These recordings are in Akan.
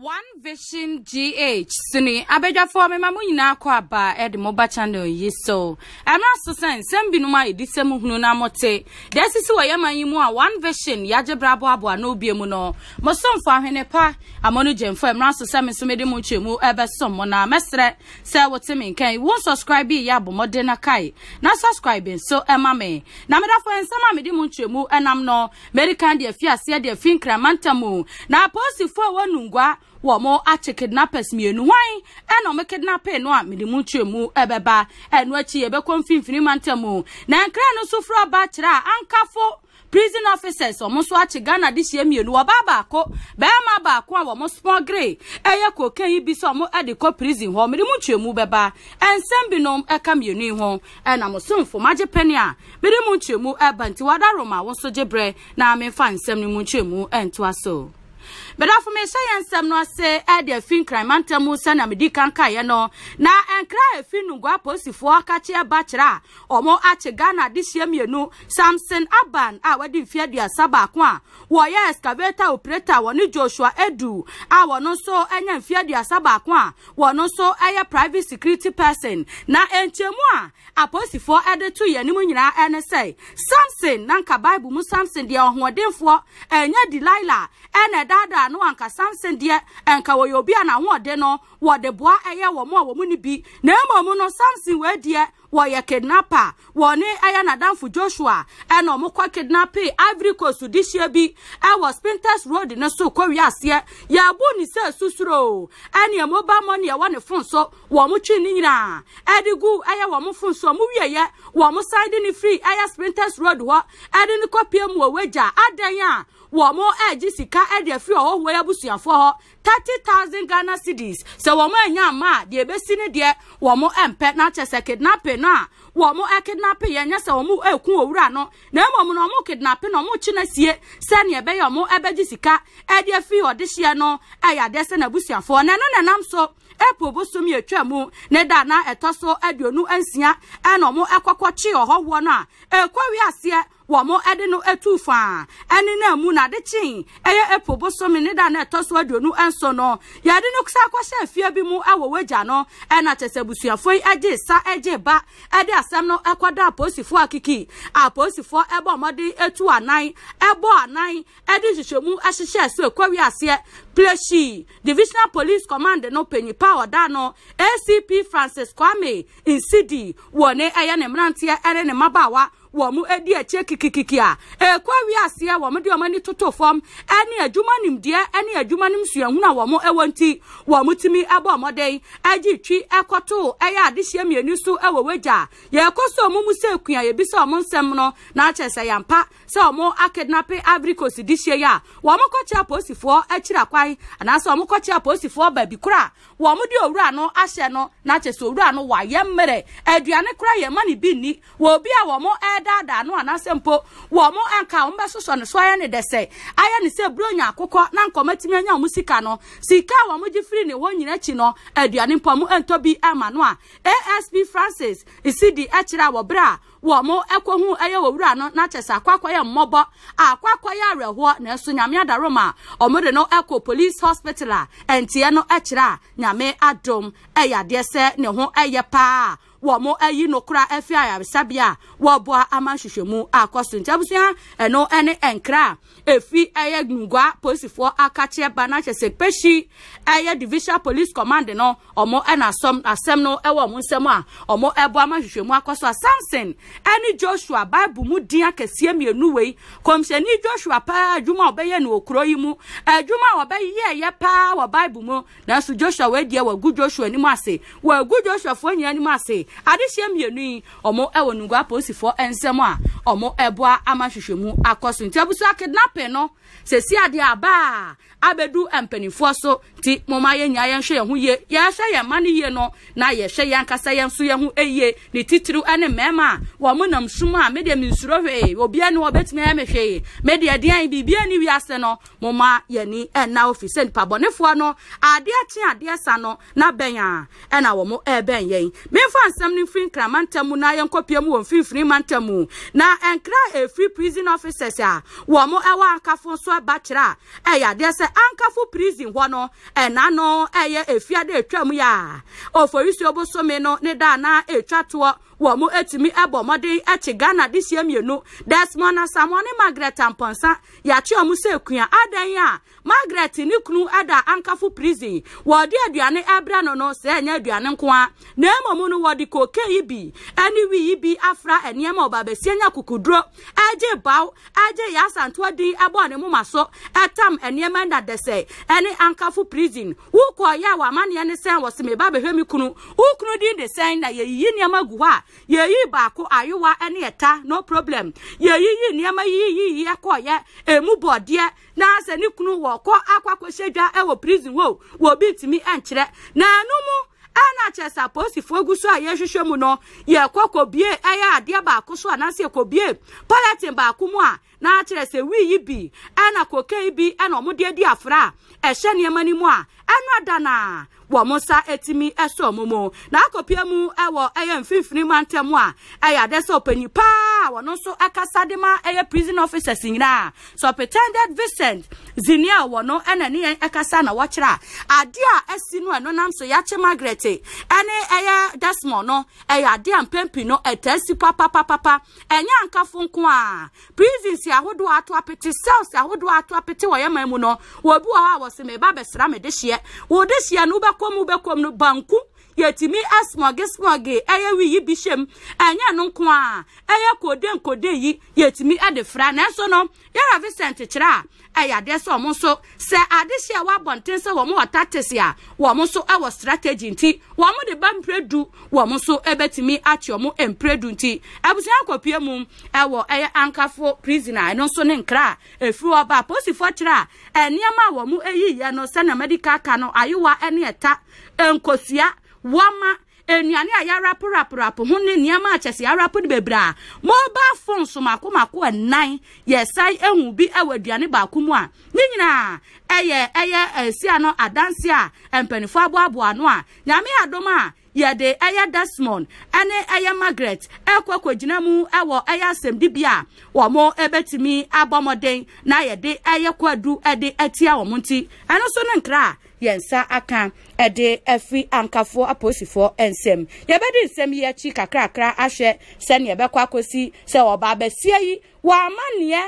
one vision gh sini abadwafoɔ mema mo nyinaa kɔ aba ɛde moba channel yi so ɛmra so sɛ nsɛm binom a ɛdi sɛ mu hunu na mote deɛ asisi wɔ yɛma yi mu a one vision yɛagye bra aboaboa na obie mu no mosomfo ahwene pa amɔ no gyemfo ɛmra so sɛ me so mede mu kyerɛ mu ɛbɛsom mo na mɛserɛ sɛ wote me nkɛn wo nsubscribe yɛ abɔ mmɔden na kae na subscribe nso ɛma me na medafoɔ nsɛm a mede mu kyerɛ mu ɛnam no mede kan deɛ fi aseɛ deɛ fi nkramantam na aposifoɔ a wɔnungua wɔn akye kidnappers mmienu wɔn ɛna wɔn kidnapping no a mede mu ntwe mu ɛbɛba ɛno akyi yɛbɛkɔ mfimfini mantam na nkran no so fura ba kyerɛ a ankafo prison officers wɔn nso akye ghana de hyia mmienu ɔbaa baako bɛrima baako a wɔn small grey ɛyɛ kokain yi bi sɛ wɔn ɛde kɔ prison hɔ mede mu ntwe mu bɛba nsɛm binom ɛka mmienu yi ho ɛna mo so mfom agye pɛni a mede mu ntwe mu ɛba nti wadaro ma wɔn nso gye brɛ na mefa nsɛm no mu ntwe mu ɛntoa so bɛdɔfo mehyɛ yɛ nsɛm no ase ɛde afi nkraman ntam sɛna medi kan kaeɛ no na nkra afi nugua apolisifoɔ ka kyeɛ ba kyerɛ a ɔmo akye ghana de samson aban a wɔde mfeɛ aduasa baako a wɔyɛ excavator operator wɔne joshua edu a wɔno nso ɛnyɛ mfeɛ aduasa baako a wɔno so ɛyɛ private security person na nkyɛmu a apolisifoɔ ɛde to yɛn anim nyinaa ɛne sɛ samson nanka bible mu samson deɛ ɔhoɔdenfoɔ ɛnyɛ delilah ene ɛdaadaa a no anka samson deɛ ɛnka wɔyɛ obi a n'ahoɔden no wɔde boa ɛyɛ wɔn a wɔn ne bi na mmom no samson wɔ deɛ wɔyɛ kidnapper wɔne ɛyɛ n'adamfo joshua ɛna wɔn kɔ kidnapping ivory coast dihyia bi ɛwɔ spinters road ne so kɔ wiaseɛ yɛabu ne sɛ susuro ɛne mobile money ɛwɔ ne phone so wɔn twi ne nyinaa ɛde gu ɛyɛ wɔn phone so wɔn wieɛ wɔn side ne free Aya, spinters road hɔ ɛde ne kɔ pie mu wɔ wagya adan a wɔn ɛregye sika ɛde afiri ɔhɔhoɔ yɛ abusuafoɔ hɔ thirty thousand ghana cedis sɛ wɔn anya ama a deɛ ebesi ne deɛ wɔn ɛmpɛ n'akyɛ sɛ kidnapping no a wɔn ɛkidnapping e yɛ nyɛ sɛ wɔn ɛku e owura no na mmom na wɔn kidnapping na wɔn kyi na sie sɛnea ɛbɛyɛ wɔn ɛbɛgye sika ɛde afiri ɔdehyeɛ no ɛyɛ e adeɛ sɛ n'abusuafoɔ na ɛno na ɛnam so april bosom yɛ atwa mu ne da na ɛtɔ so aduonu nsia ɛna wɔn ɛkɔkɔ kyi ɔhɔhoɔ no a ɛkɔ wi aseɛ wɔn ɛde no etu faa ɛne na mu na ade kyen ɛyɛ epo bosomi ne da na ɛtɔ e so aduonu nso no yɛde no kusa akɔhyɛ efie bi mu ɛwɔ e wagya no ɛna e kyesɛ busuafo yi ɛgye sa ɛgye ba ɛde asɛm no ɛkɔda apolisifoɔ akiki apolisifoɔ ɛbɔ ɔmɔde etu anan ɛbɔ anan ɛde nhyehyɛmu ɛhyehyɛ so ekɔwi aseɛ pleshi divisional police command no panyipa ɔda no acp francis kwame nsidi wɔ ne ɛyɛ ne mmeranteɛ ɛne ne mmabaawa wɔn adi akyire kikikiki a ɛkɔ awie aseɛ wɔn de wɔn ani toto fam ɛne adwuma nimdeɛ ɛne adwuma nim suahunu a wɔn ɛwɔ nti wɔn tumi ɛbɔ ɔmɔden ɛgye twi ɛkɔto ɛyɛ adehyeɛ mmienu so ɛwɔ wagya yɛkɔ so wɔn mu sɛ ekua yɛbi sɛ wɔn nsɛm no n'akyɛ sɛ yampa sɛ wɔn akidnape abrikos dihyeɛ yi a wɔn kɔkyɛ apolisifoɔ akyire akwan anaasɛ wɔn kɔkyɛ apolisifoɔ baabi kora wɔn de owura no ahyɛ no n'akyɛ sɛ owura no wayɛ mmerɛ aduane kora yɛ ma ne bi nni wɔ obi a wɔn ɛɛ ɛdaadaa no anaasɛ mpo wɔ mo anka wɔmbɛsosɔ ne so ayɛ ne dɛ ayɛ ne sɛ akokɔ na nkɔmatumi anya wɔn sika no sika a wɔn gye firi ne hɔ nyina akyi no aduane mpɔ mo bi ama no a asp francis isidi ɛkyerɛ a a mo hu ɛyɛ wɔ wura no na kyɛ sɛ akwakɔ yɛ mmɔbɔ a akwakɔ yɛ awerɛhoɔ na ɛso nyame de no ɛkɔ police hospital a ɛnteɛ no ɛkyerɛ a nyame adom ɛyɛ adeɛ sɛ ne ho wɔn ayi no kora afi ayaresabea a wɔreboa ama nhwehwɛmu akɔ so nti abusua ɛno ne nkra a efi ɛyɛ ngua polisifoɔ akakyɛ ba n'akyɛ sɛ peshi ɛyɛ division police command no wɔn ɛna asɛm asɛm no ɛwɔ wɔn nsam a wɔn ɛboa ama nhwehwɛmu akɔ so a samson ɛne joshua bible mu din akɛseɛ mmienu wei kɔmhyɛni joshua paa adwuma a ɔbɛyɛ no wɔ kuro yi mu adwuma a ɔbɛyɛ paa wɔ bible mu nanso joshua wɔ adehyeɛ mmienu yi ɔmo ɛwɔ nugua polisifoɔ nsɛm a ɔmo ɛboa ama hwehwɛmu akɔ so nti abusua kidnapping no sɛsi adeɛ abaa abɛdu mpanimfoɔ so ti moma yɛ nyinaa yɛnhwɛ yɛn ho yie yɛhwɛ yɛn mma no yie no na yɛhwɛ yɛn ankasa yɛn nso yɛn ho yie ne titiriw ne mmarima a wɔn nam sum a medeɛ minsuro hwee obiara ne wɔbɛtumi ayɛ me hwee medeɛ deɛn biribiara ne wiase no moma yɛni ɛna ofi sɛ nipa bɔnefoɔ no adeɛ kye adeɛ sa no na bɛn a ɛna wɔn ɛɛbɛn yɛn mefa asɛm no mfiri nkrama ntam mu na yɛnkɔpia mu wɔ mfimfini mantam mu na nkra ɛfiri prison officers a wɔ mo ɛwɔ ankafo nso ɛba kyerɛ a ɛyɛ adeɛ sɛ ankafo prison hɔ no ɛna no ɛyɛ efia de etwa mu yɛ a oforisuo bosome no ne da na etwa toɔ wɔ mo etumi ɛbɔ mɔden ɛkyi ghana de sie mmienu desmond asamoah ne margaret amponsa yɛakye ɔmo sɛ ekua adan a margaret ne kunu ɛda ankafo prison wɔde aduane ɛbrɛ no no sɛ ɛnyɛ aduane nkoa na mmom no wɔde koke yi bi ɛne wi yi bi afra nneɛma ɔbaabasie nya kukuduro ɛgye baw ɛgye yasantoa din ɛbɔ ne moma so ɛtam nneɛma na dɛsɛ ɛne ankafo prison wokɔɔyɛ a wɔamanneɛ ne sɛn wɔ se meba bɛhwɛ me kunu wo din de sɛn na yɛyiyi nneɛma gu hɔ a y'eyi baako ayewa ɛne ɛta no problem yɛyiyi nneɛma yi yiyiyi ɛkɔɔyɛ emu bɔɔdeɛ na sɛ ne kunu wɔ kɔ akɔ akɔhyɛ dwa ɛwɔ prison hɔ wɔ bi ntumi nkyerɛ na ɛnu mu ɛna kyɛ sɛ gu so a yɛhwehwɛ mu no yɛkɔ k'obie ɛyɛ adeɛ baako so a anaasɛ k'obie pɔlɛtin baako mu a na kyerɛ wii yi bi ɛna yi bi ɛna ɔmo deɛ di afra a ɛhyɛ nneɛma no mu a ɛno ada wɔn nsa etimi ɛsɔ wɔn mu na akɔpie mu ɛwɔ ɛyɛ mfimfini mantam a ɛyɛ ade sɛ ɔpanyin paa wɔn nso ɛkasa de ma ɛyɛ prison officers nyinaa sɔpɛtɛndɛd vincent zini wɔn no ɛna ne yɛn ɛkasa na wɔkyerɛ ade a ɛsi no ɛno nam so yɛakye margaret ɛne ɛyɛ desmond no ɛyɛ ade a mpɛmpɛ no ɛtɛ si papapapa ɛnyɛ ankafo nko a prisons ahodoɔ ato apete cells ahodoɔ ato apete wɔ yɛn man mu no wɔbi wɔ hɔ a wɔsɛ mɛ ba bɛsra mɛ comme ou comme le Banco, yɛtumi smɔge smɔge ɛyɛ wiyi bi hyɛm ɛnyɛ no nko a ɛyɛ kode nkode yi yɛtumi de fra nanso no yɛra vicent kyerɛ a ɛyɛ adeɛ sɛ ɔmo nso sɛ ade hyɛ a wɔabɔnten sɛ wɔn wɔ tatis a wɔn nso wɔ strategy nti wɔn de ba mpredu wɔn nso bɛtumi achi wɔn mpredu nti abusua akɔpie mu ɛwɔ ɛyɛ ankafo prisoner ɛno nso ne nkra efiri ɔba aposifoɔ kyerɛ a nneɛma a wɔn ayiyi no sɛnea medical ka no ayewa ne ɛta nkosua. wama enuane a yɛarapo raporapo ho ne nneɛma akyɛse yɛarapo no bebree a mobile phone so mako mako ɛnan yɛsan ehu bi ɛwɔ aduane baako mu a ne nyinaa ɛyɛ ɛyɛ ɛsia no adanse a mpanyinfoɔ aboaboa ano a nyame adom a yɛde ɛyɛ desmond ɛne ɛyɛ margaret ɛkɔ akɔgyina mu ɛwɔ ɛyɛ asɛmdibea a wɔn ɛbɛtumi abɔ m'ɔden na yɛde ɛyɛ kwadu ɛde ɛtia wɔn ti ɛno nso ne nkra a yɛn nsa aka ɛde ɛfiri ankafoɔ apolisifoɔ nsam yɛbɛdi nsɛm yi akyi kakrakra ahwɛ sɛnea ɛbɛkɔ akɔsi sɛ ɔbaa bɛsia yi wɔama neɛ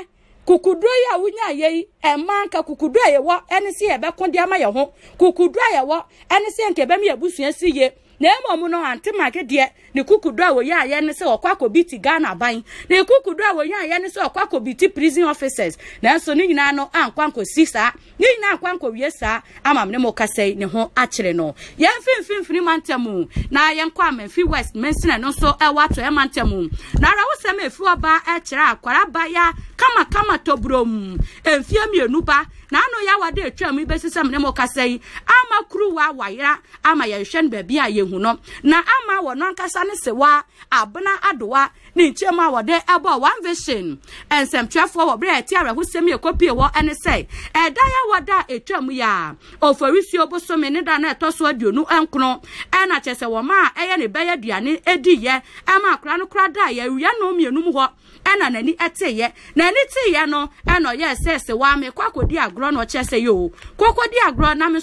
kukuduro yi a wonya yɛ yi ɛma nka kukuduro a yɛwɔ ɛne sɛ yɛbɛko de ama yɛ ho kukuduro a yɛwɔ ɛne sɛ nka yɛ abusua si yɛ na emom no anti magi deɛ ne kukudo a wɔyɛ ayɛ ne sɛ ɔkɔ akɔbi ti ghana ban ne kukudo a wɔyɛ ayɛ ne sɛ ɔkɔ akɔbi ti prison officers nanso ne nyinaa no ankɔ ankɔsi saa ne nyinaa ankɔ ankɔwie saa ama ne mo kasa yi ne ho akyere no yɛn mfimfimfini mantam na yɛn kɔ amamfi west mensina no nso ɛwɔ ato yɛn mantam na ara wosɛm efi ọba ɛkyerɛ akwara ba ya kamakama toburo mu mfie mmienu ba n'ano yɛ awa de etwa mu ibesisa mu ne mu kasa yi ama kuruwa wayera ama yɛhwɛ no baabi a yɛhu no na ama wɔn ankasa ne sewa abena adowa ne nkyɛn mu a wɔde ɛbɔ one vision nsɛmtwerɛfoɔ wɔ berɛ a ɛte awerɛhosɛm yɛ kɔpie wɔ ɛne sɛ ɛdan a wɔda a ɛtwa mu yɛ a oforisuo bosome ne da na ɛtɔ so aduonu nkono ɛna kyɛ sɛ wɔma a ɛyɛ ne bɛyɛ aduane ɛdiyɛ ɛma akora no kora da a yɛwia no mmienu mu hɔ ɛna n'ani yɛ, n'ani teyɛ no ɛna ɔyɛ kɔ akɔdi agorɔ na ɔkyɛ na me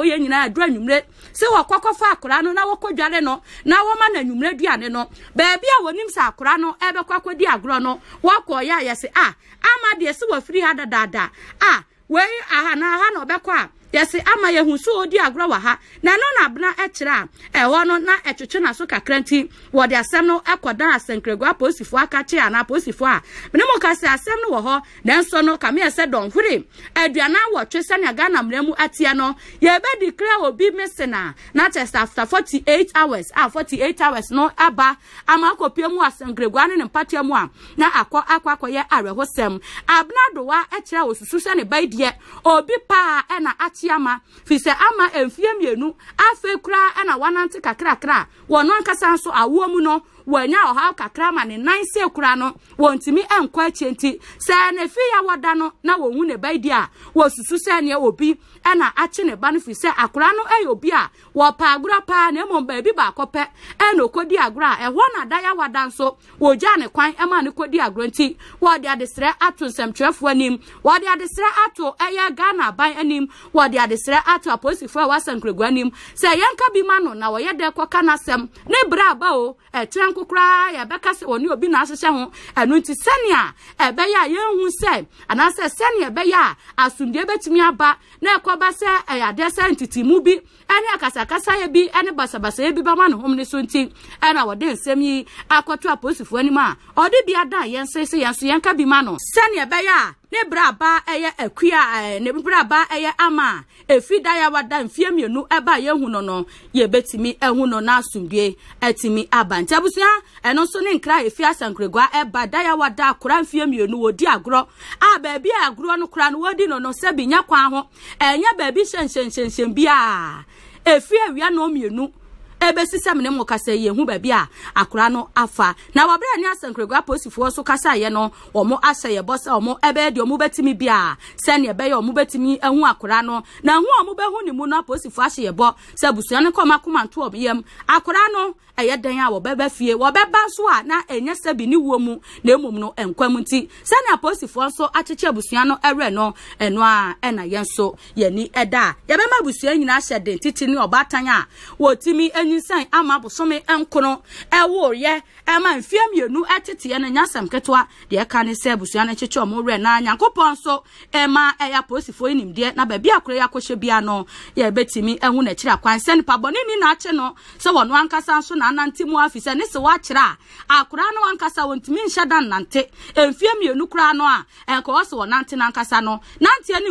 wɔyɛ nyinaa aduru anwummerɛ sɛ wɔkɔkɔ fa akora no na wɔkɔ dware no na wɔma no anwummerɛ duane no baabi a wɔnim sɛ akora no ɛbɛkɔ akɔdi agorɔ no wɔkɔ yɛ ayɛ sɛ a ah, ama deɛ sɛ wɔafiri ha dadaada a ah, wei aha na aha na ɔbɛkɔ a yɛsi ama yɛhu so odi agorɔ wɔ ha na ɛno na abena ɛkyerɛ a ɛhɔ no na ɛtwitwi na so kakra nti wɔde asɛm no ɛkɔda asɛnkrɛgua apolisifoɔ aka kye ana apolisifoɔ a mene mu kasi asɛm no wɔ hɔ nanso no kameɛ sɛ dɔnhwere aduana wɔtwe sɛnea ghana mmerɛ mu ateɛ no yɛbɛdi kra obi missing a na kyɛ sɛ after 48 hours a 48 hours no aba ama akɔpie mu asɛnkrɛgua ne ne mpateɛ mu a na akɔ akɔ akɔyɛ awerɛhosɛm abena dowa ɛkyerɛ a osusu sɛ ne bɛideɛ obi paa ɛna akyerɛ akyi ama firi sɛ ama mfie mmienu afei koraa na wanante kakrakra wɔn ankasa nso awoɔ mu no wɔanya ɔhaw kakra ma ne nan se kura no wɔntumi nkɔ akyɛ nti sɛ ne fi ya wɔda no na wɔnwu ne ba di a wɔsusu sɛ neɛ obi ɛna akye ne ba no firi sɛ akora no ɛyɛ obi a wɔpa agorɔ paa na mmom baabi baakɔ pɛ ɛna ɔkɔdi agorɔ a ɛhɔ na da ya wɔda nso wɔgya ne kwan ɛma ne kɔdi agorɔ nti wɔde adesrɛ ato nsɛmtwerɛfoɔ anim wɔde adesrɛ ato ɛyɛ ghana aban anim wɔde adesrɛ ato apolisifoɔ a wɔasɛ nkuragua anim sɛ yɛnka bi ma no na wɔyɛ dɛ kɔka n'asɛm ne berɛ aba o ɛkyerɛ nko baako koraa yɛbɛka sɛ wɔne obi na ahyehyɛ ho ɛno nti sɛnea ɛbɛyɛ a yɛnhu sɛ anaasɛ sɛnea ɛbɛyɛ a asomdue bɛtumi aba na ɛkɔba sɛ ɛyɛ adeɛ sɛ ntitimu bi ɛne akasakasa yɛ bi ɛne basabasa yɛ bi bama ne hom ne so nti ɛna wɔde nsɛm yi akɔto apolisifoɔ anim a ɔde bi ada yɛn se se yɛn so yɛnka bi ma no sɛneɛ ɛbɛyɛ a ne braba ɛyɛ akua ɛɛ ne braba ɛyɛ ama a efi da yɛ wada mfie mmienu ɛba yɛn hu no no yɛbɛtumi ɛhu no n'asomdue ɛtumi aba nti abusua ɛno nso ne nkira efi asankuregua ɛba da yɛ wada akora mfie mmienu wodi agorɔ a beebi a agorɔ no kora no wɔdi no no sɛbi nyɛ kwan ho ɛnyɛ beebi hyɛnhyɛnhyɛnhyɛn biara. efi awia na mmienu ɛbɛsisɛm ne mu kasa yie hu baabi a akora no afa na wɔbrɛ ne asɛnkuragua polisifoɔ so kasaeɛ no wɔn ahyɛ yɛ bɔ sɛ wɔn ɛbɛyɛ deɛ wɔn bɛtumi bi a sɛnea ɛbɛyɛ wɔn bɛtumi ɛhu e akora no na hu wɔn bɛhu e e ne mu no apolisifoɔ ahyɛ yɛ bɔ sɛ busua ne kɔn akoma nto wɔn yam akora no ɛyɛ dan a wɔbɛba fie wɔbɛba so a na ɛnyɛ sɛ bi ne wuo mu na emom no nkwam nti sɛnea apolisifoɔ nso akyekyɛ busua no ɛwɛ no ɛno a ɛna yɛn nso yɛni ɛda a yɛbɛma busua nyinaa hyɛ den titi ne ɔbaatan a wɔtumi ɛny nyinsɛn ama bosome nkono ɛwɔ yɛ ɛma mfie mmienu ɛteteɛ no nyasɛm ketewa deɛ ɛka ne sɛ abusua no kyekyɛ ɔmo werɛ na nyankopɔn nso ɛma ɛyɛ apolisifoɔ yi nimdeɛ na baabi akoro yɛ bia no ni no ankasa mu ne se a akora no ankasa wɔntumi nhyɛ da nnante mfie mmienu no a ɛnkɔwɔ sɛ wɔnante n'ankasa no nanteɛ ne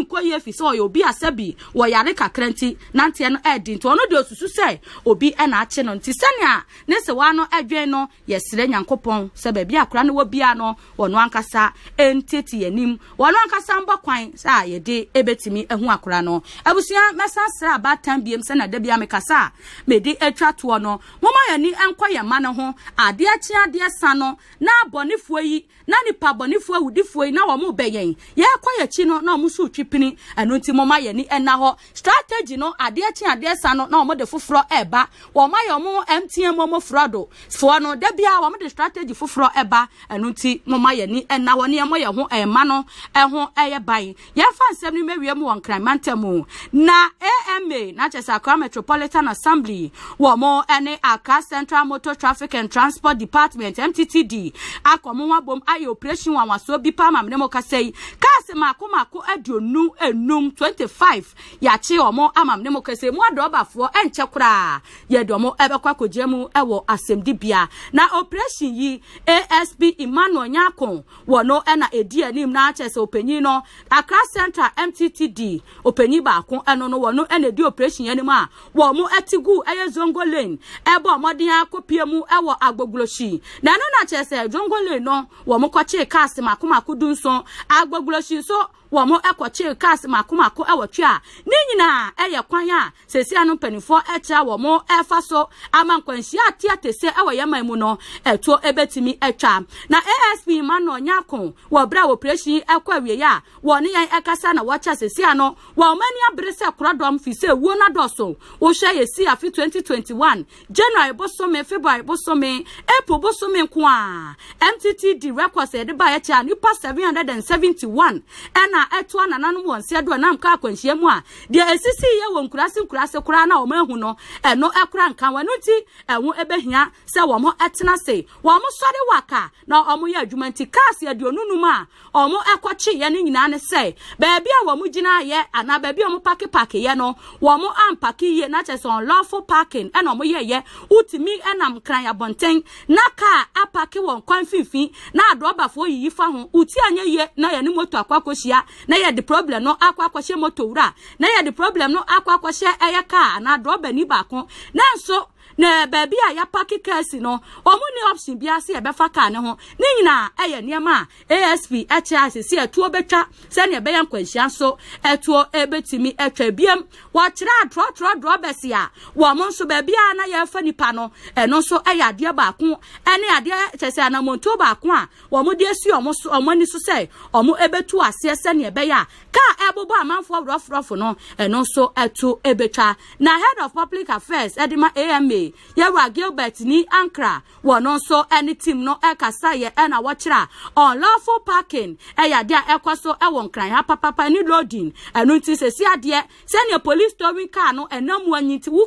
obi na akye no nti sɛnea ne sewa no adwen no yɛsrɛ nyankopɔn sɛ baabi akora no wɔ bia no wɔno ankasa ɛntete yɛnim wɔno ankasa mbɔ kwan sɛ a yɛde ɛbɛtumi ɛho akora no abusua mɛsa srɛ abaatan biem sɛ na da bia mekasa a mede atwa toɔ no moma yɛni ɛnkɔ yɛ ma no ho adeɛ kye adeɛ sa no na abɔnefoɔ yi na nipa abɔnefoɔ awudifoɔ yi na wɔn bɛ yɛn yɛkɔ yɛkyi no na wɔn so twi pini ɛno nti moma yɛni ɛna hɔ strategy no adeɛ kye adeɛ sa no na wɔn de foforɔ ɛɛba wɔn ayɛ wɔn mtn mu wɔn do foɔ no dabi a wɔn de strategy foforɔ ɛba ɛno nti wɔn ayɛ ni ɛna wɔn nneɛma yɛ ho ɛma no ɛho ɛyɛ ban yɛfa nsɛm no mɛwie mu wɔ nkraman ntɛm na ama na kyerɛ metropolitan assembly wɔn ɛne akra central motor traffic and transport department mttd akɔ wɔn abom ayɛ operation wɔn awasoɔ bi paama mene mu kasa yi kaasi maako maako aduonu enum twenty five yɛakye wɔn ama mene mu kasa yi mu adɔbafoɔ ɛnkyɛ koraa yɛde de ɔmo ɛbɛkɔ akɔgyina mu ɛwɔ asɛmdibea na operation yi asb emmanuel nyako wɔ no ɛna edi anim na akyɛ sɛ opanyin no accra central mttd opanyin baako ɛno no wɔn no ɛna edi operation yɛn anim a wɔn mo ɛte gu ɛyɛ zongo lane ɛbɔ ɔmɔden akɔpie mu ɛwɔ agbogbolosi na ɛno na akyɛ sɛ zongo lane no wɔn kɔkye cars makomako du nso agbogbolosi nso wɔn mo ɛkɔkye cars makomako ɛwɔ twi a ne nyinaa ɛyɛ kwan a sɛsia no mpanimfoɔ ɛkyerɛ wɔn mo ɛfa so ama nkwanhyia ate atɛsɛ ɛwɔ yɛn man mu no ɛtoɔ ɛbɛtumi ɛtwa na asp ma na ɔnya ko wɔ berɛ a operation ɛkɔ awieɛ a wɔne yɛn ɛkasa na wɔkyɛ sesia no wɔn mani abere sɛ koradɔm fi sɛ wuo na dɔso wohwɛ yɛsi afe 2021 january bosome february bosome april bosome nko a mttd records yɛde ba yɛkyɛ a nipa 771 ɛna ɛtoa nananom wɔn nseɛ do ɛnam kaa akwanhyia mu a deɛ ɛsisi yɛ wɔ nkurase nkurase koraa na wɔn ahu no ɛno ɛkora anka wɔn ti ɛho ɛbɛhia sɛ wɔn ɛtena se wɔn sɔre waka na wɔn yɛ adwuma nti kaasi aduonu num a wɔn ɛkɔkye yɛ no nyinaa ne sɛ beebi a wɔn gyina yɛ anaa beebi a wɔn paki paki yɛ no wɔn ampaki yie na kyerɛ sɛ ɔnlɔfo parking ɛna e wɔn yɛ yɛ wotumi ɛnam e kran abɔnten na kaa apaki wɔn kwan fifi na adrɔbafoɔ yiyi fa ho uti anya yie na yɛ ne moto akɔ akɔhyia na yɛ de problem no akɔ akɔhyɛ moto wura na yɛ de problem no akɔ akɔhyɛ ɛyɛ kaa na adrɔbani baako na nso na baabi a ya yɛapake kaa si no ɔmo ne option bi ase yɛbɛfa kaa ne ho ne nyinaa ɛyɛ nneɛma a asp ɛkyɛ etuo betwa bɛtwa sɛnea ɛbɛyɛ nkwanhyia nso ɛtuo ɛbɛtumi ɛtwa biem wɔkyerɛ atorɔtorɔ drɔbɛs a wɔn nso baabi a na yɛfa nipa no ɛno nso ɛyɛ adeɛ baako ɛne adeɛ kyɛ sɛ anamontuo baako a wɔn de esi wɔn so wɔn ani so sɛ wɔn ɛbɛtu aseɛ sɛnea ɛbɛyɛ a kaa ɛbobɔ amanfoɔ worɔforɔfo no ɛno nso ɛto ebetwa na head of public affairs edima ma ama yɛwura gilbert ni ankra wɔn nso any team no ɛkasa yɛ ɛna wɔkyerɛ unlawful parking e ya dia ɛkɔ so ɛwɔ nkran ha papapa ni loading ɛno nti sɛsi adeɛ sɛnea police towing car no ɛnam wɔn nyi ti wo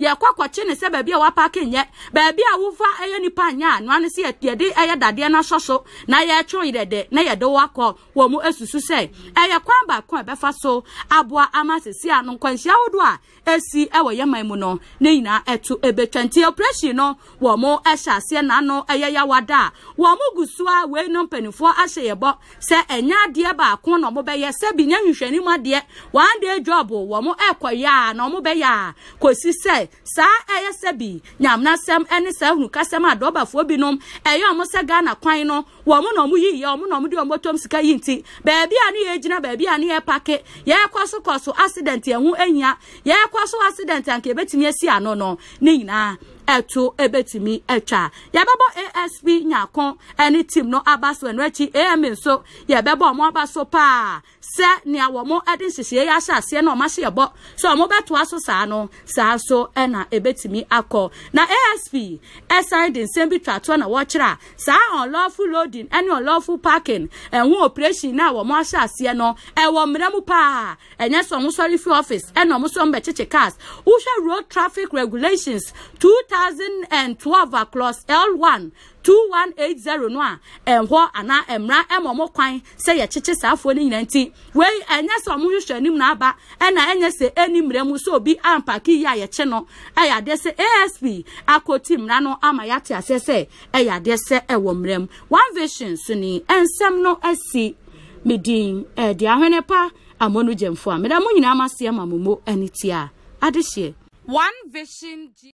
yɛkɔ kɔkye ne sɛ baabi a wapaake nyɛ baabi a wofa ɛyɛ nipa nyɛ a noa no sɛ yɛde ɛyɛ dadeɛ no so na yɛtwe yɛdɛdɛ na yɛde wakɔ wɔ mu asusu sɛ ɛyɛ kwan baako a ɛbɛfa so aboa ama sisi a nkwanhyia ahodoɔ a ɛsi ɛwɔ yɛman mu no ne nyinaa ɛto ɛbɛtwa nti operation no wɔn mo ɛhyɛ aseɛ n'ano ɛyɛ yawada a wɔn mo gu so a wei no mpanimfoɔ ahyɛ yɛ bɔ sɛ ɛnyɛ adeɛ baako na wɔn bɛyɛ sɛbi nyɛ nhwehwɛnimu adeɛ wɔn adeɛ dwɔbo wɔn ɛkɔyɛ a na wɔn bɛyɛ a kɔsi sɛ sɛ saa ɛyɛ sɛ bi nyamnasɛm ne saa hunukasɛm a dɔbafoɔ binom ɛyɛ ɔmo sɛ ghana kwan no wɔn na wɔn yi yɛ wɔn na wɔn de wɔn tɔm sika yi nti beebi a ne yɛ gyina beebi a ne yɛ pake yɛkɔ so kɔ so accident yɛn ho ehia yɛkɔ so accident anka ebetumi esi ano no ne nyinaa ɛto ebetumi ɛtwa yɛbɛbɔ asp nyako ɛne team no aba so ɛno akyi am nso yɛbɛbɔ ɔmo aba so paa sɛ nea wɔn ɛde nhyehyɛ yɛ ahyɛ aseɛ na ɔmo ahyɛ ɛbɔ sɛ ɔmo bɛtoa so saa no saa so ɛna ebetumi akɔ na asp ɛsan de nsɛm bi twa toɔ na wɔkyerɛ a saa unlawful loading. parking ɛne eh, ɔlɔfo parking ɛho operation na wɔn ahyɛ aseɛ no ɛwɔ mmerɛ mu paa ɛnyɛ sɛ ɔmo sɔre fi office ɛna ɔmo sɔm bɛkyekye cars wohwɛ road traffic regulations two thousand and twelve across l one 2180 no a ɛhɔ anaa mmara ɛma ɔmo kwan sɛ yɛkyekye saa afoɔ no nyinaa nti wei ɛnyɛ sɛ ɔmo hwehwɛ anim na aba ɛna ɛnyɛ sɛ ɛni mmerɛ mu sɛ obi ampaki yi a yɛkye no ɛyɛ adeɛ sɛ asp akɔti mmara no ama yɛate aseɛ sɛ ɛyɛ adeɛ sɛ ɛwɔ mmerɛ mu one vision so ni ɛnsɛm no asi medin ɛde ahwene pa amonu gyɛmfo a meda mo nyinaa ma seɛ ma momo ani tia adehyeɛ one vision